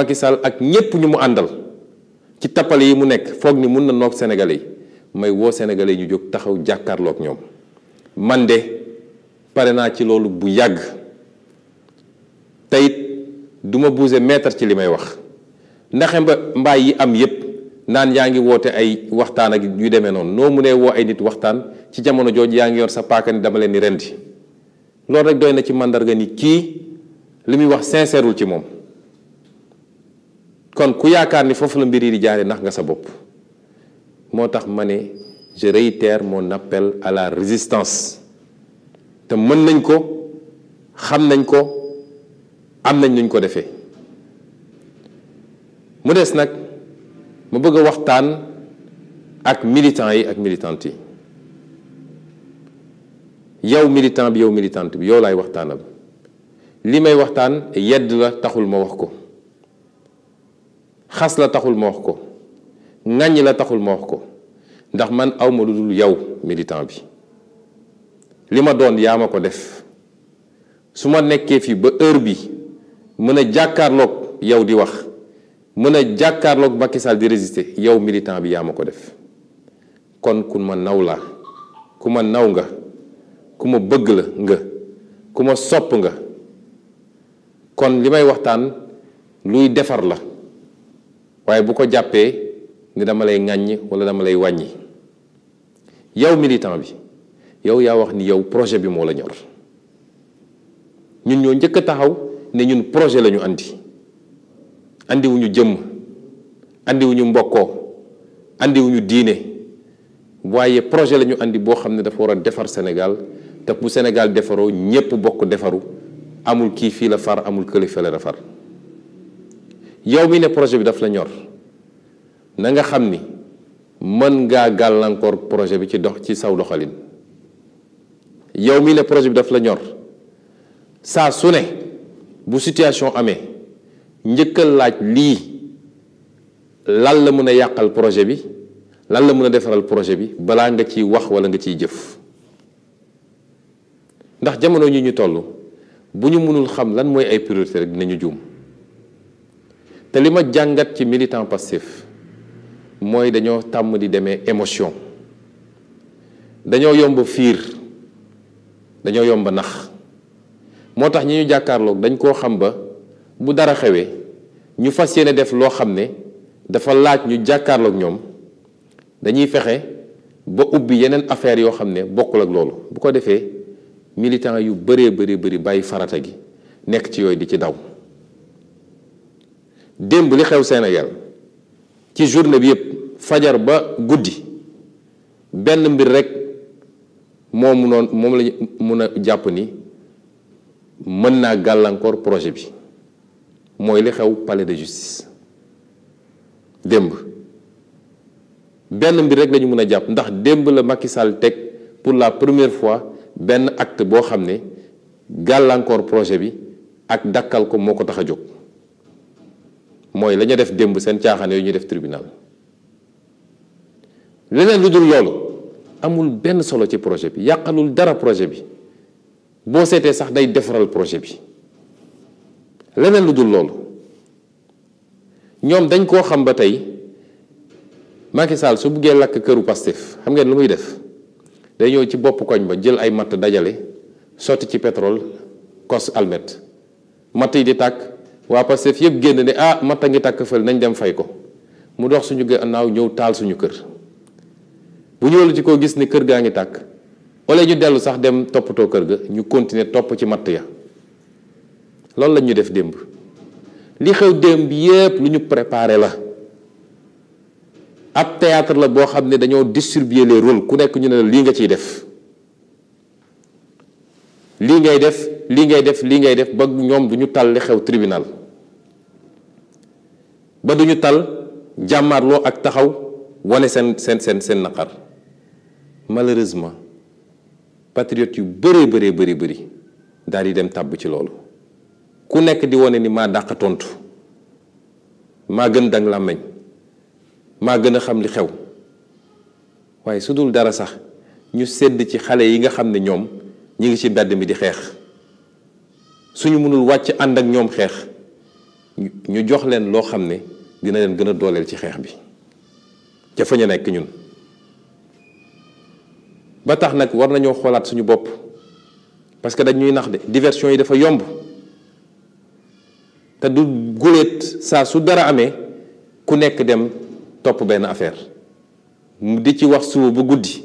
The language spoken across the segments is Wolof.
Macky Sall ak ñépp ñu mu àndal ci tappale yi mu nekk foog ni mun na noog Sénégalais yi may woo Sénégalais yi ñu jóg taxaw jàkkaarloog ñoom man de pare naa ci loolu bu yàgg teyit duma ma bouger ci li may wax ndaxe mba mbaay yi am yépp naan yaa ngi woote ay waxtaan ak yu demee noonu noo mu ne woo ay nit waxtaan ci jamono jooju yaa ngi yor sa paaka ni dama leen di rendi loolu rek doy na ci màndarga ni kii li muy wax sincèreul ci moom kon ku yaakaar ni foofu la mbir yi di jaare ndax nga sa bopp moo tax ma ne je réitère mon appel à la résistance te mën nañ ko xam nañ ko am nañ nuñ ko defee mu des nag ma bëgg a waxtaan ak militant yi ak militantes yi yow militant bi yow militante bi yow laay waxtaanal li may waxtaan yedd la taxul ma wax ko xas la taxul ma wax ko ŋàññ la taxul ma wax ko ndax man awma lu dul yow militant bi li ma doon yaa ma ko def su ma nekkee fii ba heure bi mën a jàkkaarloog yow di wax mën a jàkkaarloog Macky Sall di résister yow militant bi yaa ma ko def kon ku ma naw la ku ma naw nga ku ma bëgg la nga ku ma sopp nga kon li may waxtaan luy defar la waaye bu ko jàppee ni dama lay ŋàññ wala dama lay wàññi yow militan bi yow yaa wax ni yow projet bi moo la ñor ñun ñoo njëkk a taxaw ne ñun projet lañu ñu indiwuñu andiwuñu jëmm andiwuñu mbokkoo andiwuñu diine waaye projet la ñu andi boo xam ne dafa war a defar Sénégal te bu Sénégal defaroo ñépp bokk defaru amul kii fii la far amul kële la far yow mii ne projet bi daf la ñor na nga xam ni mën ngaa gàllankoor projet bi ci dox ci saw doxalin yow mii ne projet bi daf la ñor saa su ne bu situation amee njëkkal laaj lii lan la mën a yàqal projet bi lan la mën a defaral projet bi balaa nga ciy wax walla nga ciy jëf ndax jamono ñi ñu toll bu ñu mënul xam lan mooy ay priorité rek dinañu juum te li ma jàngat ci militant passif mooy dañoo tàmm di demee émotion dañoo yomb fiir dañoo yomba nax moo tax ñi ñu jàkkaarloog dañ koo xam ba bu dara xewee ñu fas yéene def loo xam ne dafa laaj ñu jàkkaarloog ñoom dañuy fexe ba ubbi yeneen affaire yoo xam ne bokkul ak loolu bu ko defee militant yu bëree bëri bëri bàyyi farata gi nekk ci yooyu di ci daw démb li xew Sénégal ci journée bi yëpp fajar ba guddi benn mbir rek moom noonu moom la mun a jàpp ni mën naa gàllankoor projet bi mooy li xew palais de justice démb benn mbir rek lañu mun a jàpp ndax démb la makki Sall teg pour la première fois benn act boo xam ne gàllankoor projet bi ak dakkal ko moo ko tax a jóg mooy la ñu def démb seen caaxaan yu ñuy def tribunal leneen lu dul loolu amul benn solo ci projet bi yàqalul dara projet bi boo seetee sax day defaral projet bi leneen lu dul loolu ñoom dañ koo xam ba tey Macky Sall su buggee lakk këru Pastef xam ngeen lu muy def day ñëw ci bopp koñ ba jël ay matt dajale sotti ci petrol kos almet matt yi di tàkk waa Pastef yëpp génn ne ah matt a ngi tàkk fël nañ dem fay ko mu dox suñu gannaaw ñëw taal suñu kër bu ñëwlu ci koo gis ni kër gaa ngi tàkk wala ñu dellu sax dem toppatoo kër ga ñu continuer topp ci matt ya loolu la ñu def démb li xew démb yépp lu ñu préparé la ak théâtre la boo xam ne dañoo distribuer les rôles ku nekk ñu ne la lii nga ciy def lii ngay def lii ngay def lii ngay def ba ñoom du ñu tal li xew tribunal ba duñu tal jàmmaarloo ak taxaw wane seen seen seen seen naqar malheureusement patriotes yu bëree bëree bari bëri daal di dem tàbb ci loolu ku nekk di wane ni ma dàq tontu maa gën dang làmmeñ maa gën a xam li xew waaye su dul dara sax ñu sedd ci xale yi nga xam ne ñoom ñi ngi ci mbedd mi di xeex suñu mënul wàcc ànd ak ñoom xeex ñu jox leen loo xam ne dina leen gën a dooleel ci xeex bi ca fa nekk ñun ba tax nag war nañoo xoolaat suñu bopp parce que dañuy nax de diversion yi dafa yomb te du góoleet saa su dara amee ku nekk dem topp benn affaire di ci wax suba bu guddi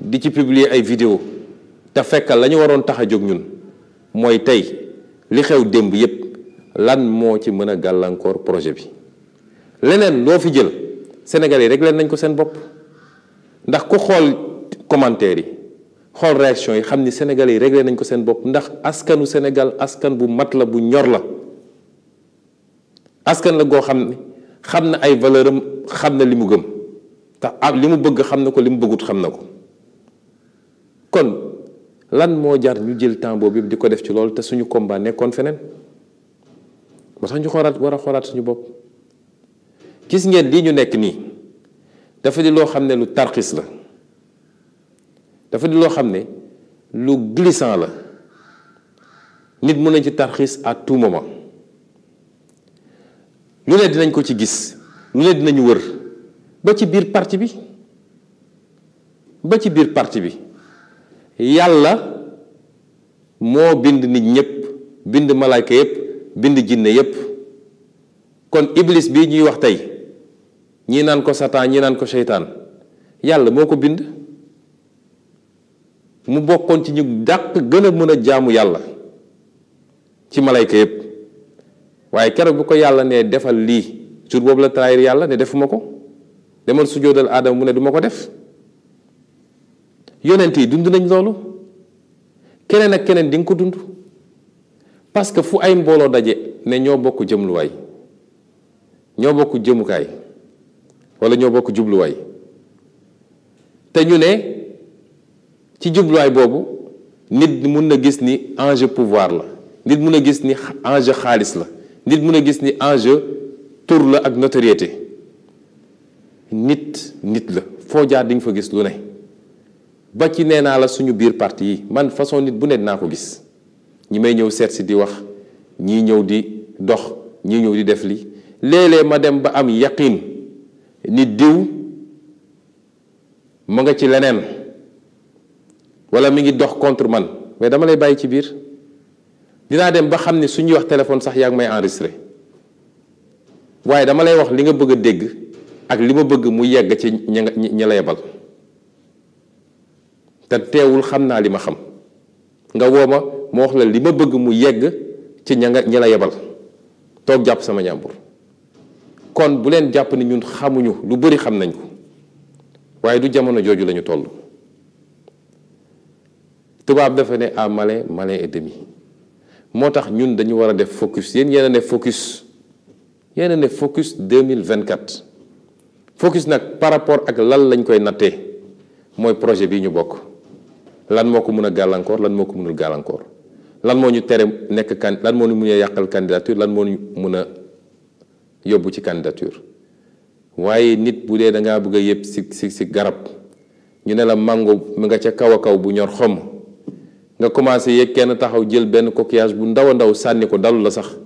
di ci publier ay vidéo te fekkal lañu waroon tax a jóg ñun mooy tey li xew démb yépp lan moo ci mën a gàllankoor projet bi leneen loo fi jël sénégal yi rek leen nañ ko seen bopp ndax ku xool commentaire yi xool réaction yi xam ni Sénégalais yi réglé nañ ko seen bopp ndax askanu Sénégal askan bu mat la bu ñor la askan la goo xam ne xam na ay valeur am xam na li mu gëm tax li mu bëgg xam na ko li mu bëggut xam na ko kon lan moo jar ñu jël temps boobu di ko def ci loolu te suñu combat nekkoon feneen ba sax ñu xoolaat war a xoolaat suñu bopp gis ngeen lii ñu nekk nii dafa di loo xam ne lu tarxis la dafa di loo xam ne lu glissant la nit mën nañ ci tarxis à tout moment lu ne dinañ ko ci gis lu ne dinañu wër ba ci biir parti bi ba ci biir parti bi yàlla moo bind nit ñëpp bind malaayka yëpp bind jinne yépp kon iblis bii ñuy wax tey ñii naan ko satan ñii naan ko seytaan yàlla moo ko bind mu bokkoon ci ñu dàq gën a mën a jaamu yàlla ci malayka yépp waaye keroog bu ko yàlla ne defal lii jour boobu la trahir yàlla ne defuma ko demal sujjóotal aadama mu ne duma ko def yonent yi dund nañ loolu keneen ak keneen di nga ko dund parce que fu ay mbooloo daje ne ñoo bokk jëmluwaay ñoo bokk jëmukaay walla ñoo bokk jubluwaay te ñu ne ci jubluwaay boobu nit mun na gis ni enjeu pouvoir la nit mun a gis ni enjeu xaalis la nit mun a gis ni enjeu tour la ak notoriété nit nit la foo jaar di nga fa gis lu ne ba ci nee naa la suñu biir parti yi man façon nit bu ne dinaa ko gis ñi may ñëw seetsi di wax ñii ñëw di dox ñii ñëw di def li léeg-léeg ma dem ba am yaqin ni diw mu nga ci leneen wala mi ngi dox contre man mais dama lay bàyyi ci biir dinaa dem ba xam ne suñuy wax téléphone sax yaa ngi may enregistré waaye dama lay wax li nga bëgg a dégg ak li ma bëgg mu yegg ci ña nga ña la te teewul xam naa li ma xam nga woo moo wax la li ma bëgg mu yegg ci ña nga ña la yebal toog jàpp sama ñàmbur kon bu leen jàpp ni ñun xamuñu lu bëri xam nañ ko waaye du jamono jooju lañu toll tubaab dafa ne à male malin et moo tax ñun dañu war a def focus yéen yéen a ne focus yéen a ne focus 2024 focus nag par rapport ak lan lañ koy nattee mooy projet bi ñu bokk lan moo ko mën a gàllankoor lan moo ko mënul gàllankoor lan moo ñu tere nekk kan lan moo ñu mun a yàqal candidature lan moo ñu mun a yóbbu ci candidature waaye nit bu dee da ngaa bëgg a yëpp si si si garab ñu ne la mango mu nga ca kaw a kaw bu ñor xomm nga commencé yéeg kenn taxaw jël benn coquillage bu ndaw a ndaw sànni ko dalu la sax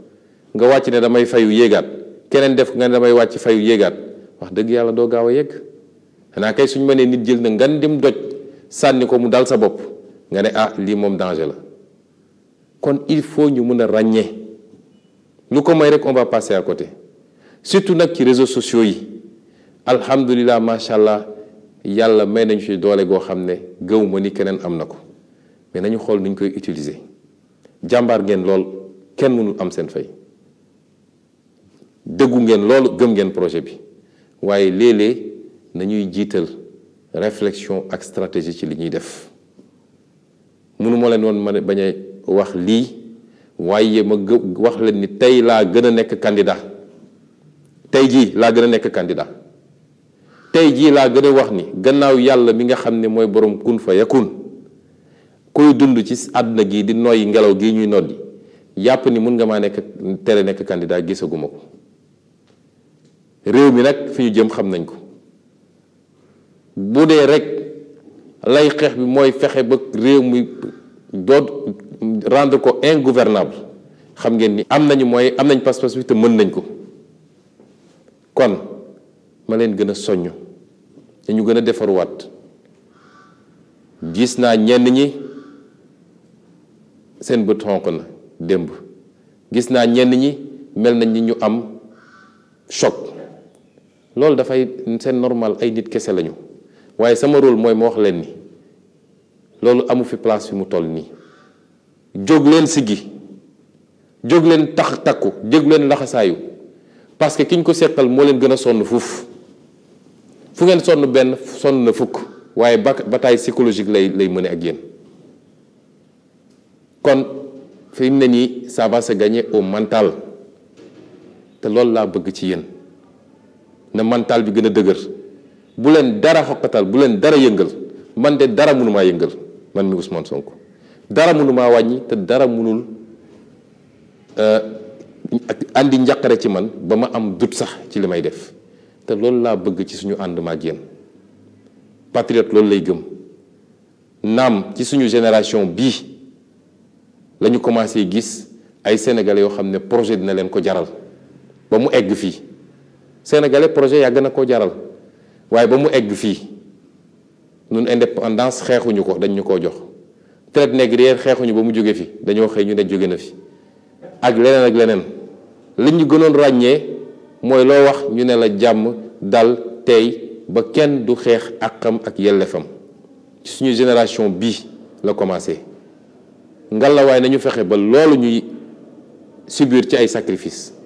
nga wàcc ne damay fayu yéegaat keneen def nga ne damay wàcc fayu yéegaat wax dëgg yàlla doo gaaw a yegg xanaa kay suñu mënee nit jël na ngan dim doj sànni ko mu dal sa bopp nga ne ah lii moom danger la. kon il faut ñu mën a ràññee lu ko may rek on va passer à côté surtout nag ci réseau sociaux yi alhamdulilah macha allah yàlla may nañu si doole goo xam ne gëw ni keneen am na ko mais nañu xool nuñ koy utiliser jàmbaar ngeen lool kenn mënul am seen fay dëggu ngeen lool gëm ngeen projet bi waaye léeg-léeg nañuy jiital réflexion ak stratégie ci li ñuy def mënu leen woon mën a bañ wax lii waaye ma gë wax leen ni tey laa gën a nekk candidat tey jii laa gën a nekk candidat tey jii laa gën a wax ni gannaaw yàlla mi nga xam ne mooy borom kun fa yakun kuy dund ci àdduna gi di noyyi ngelaw gi ñuy noddi yàpp ni mun nga maa nekk tere nekk candidat gisaguma ko réew mi nag fi ñu jëm xam nañ ko bu dee rek lay xeex bi mooy fexe ba réew mi doot rendre ko ingouvernable xam ngeen ni am nañu mooy am nañ pas-pas bi te mën nañ ko kon ma leen gën a soññ dañu gën a defaruwaat gis naa ñenn ñi seen bët xonq na démb gis naa ñenn ñi mel nañ ni ñu am choc loolu dafay seen normal ay nit kese lañu waaye sama rôle mooy ma wax leen ni loolu amu fi place fi mu toll nii jóg leen siggi jóg tax takku jóg leen laxasaayu parce que ki ñu ko seqal moo leen gën a sonn fuuf fu ngeen sonn benn sonn na fukk waaye ba bataille psychologique lay lay mëne ak yéen kon fi mu ne nii ça va se gagner mantaal te loolu laa bëgg ci yéen na mantaal bi gën a dëgër bu leen dara xoqatal bu leen dara yëngal man de dara mënumaa yëngal man mi Ousmane Sonko. dara mënu maa wàññi te dara mënul euh, andi njàqare ci man ba ma am dut sax ci li may def te loolu laa bëgg ci suñu ànd maag yéen patriote loolu lay gëm naam ci suñu génération bii la ñu commencé gis ay sénégalais yoo xam ne projet dina leen ko jaral ba mu egg fii sénégalais projet yàgg na koo jaral waaye ba mu egg fii ñun indépendance xeexuñu ko dañ ñu koo jox traite négrière xeexuñu ba mu jóge fi dañoo xëy ñu ne jóge na fi ak leneen ak leneen li ñu gënoon ràññee mooy loo wax ñu ne la jàmm dal tey ba kenn du xeex àqam ak yellefam ci suñu génération bii la commencé ngalawaay nañu fexe ba loolu ñuy subir ci ay sacrifice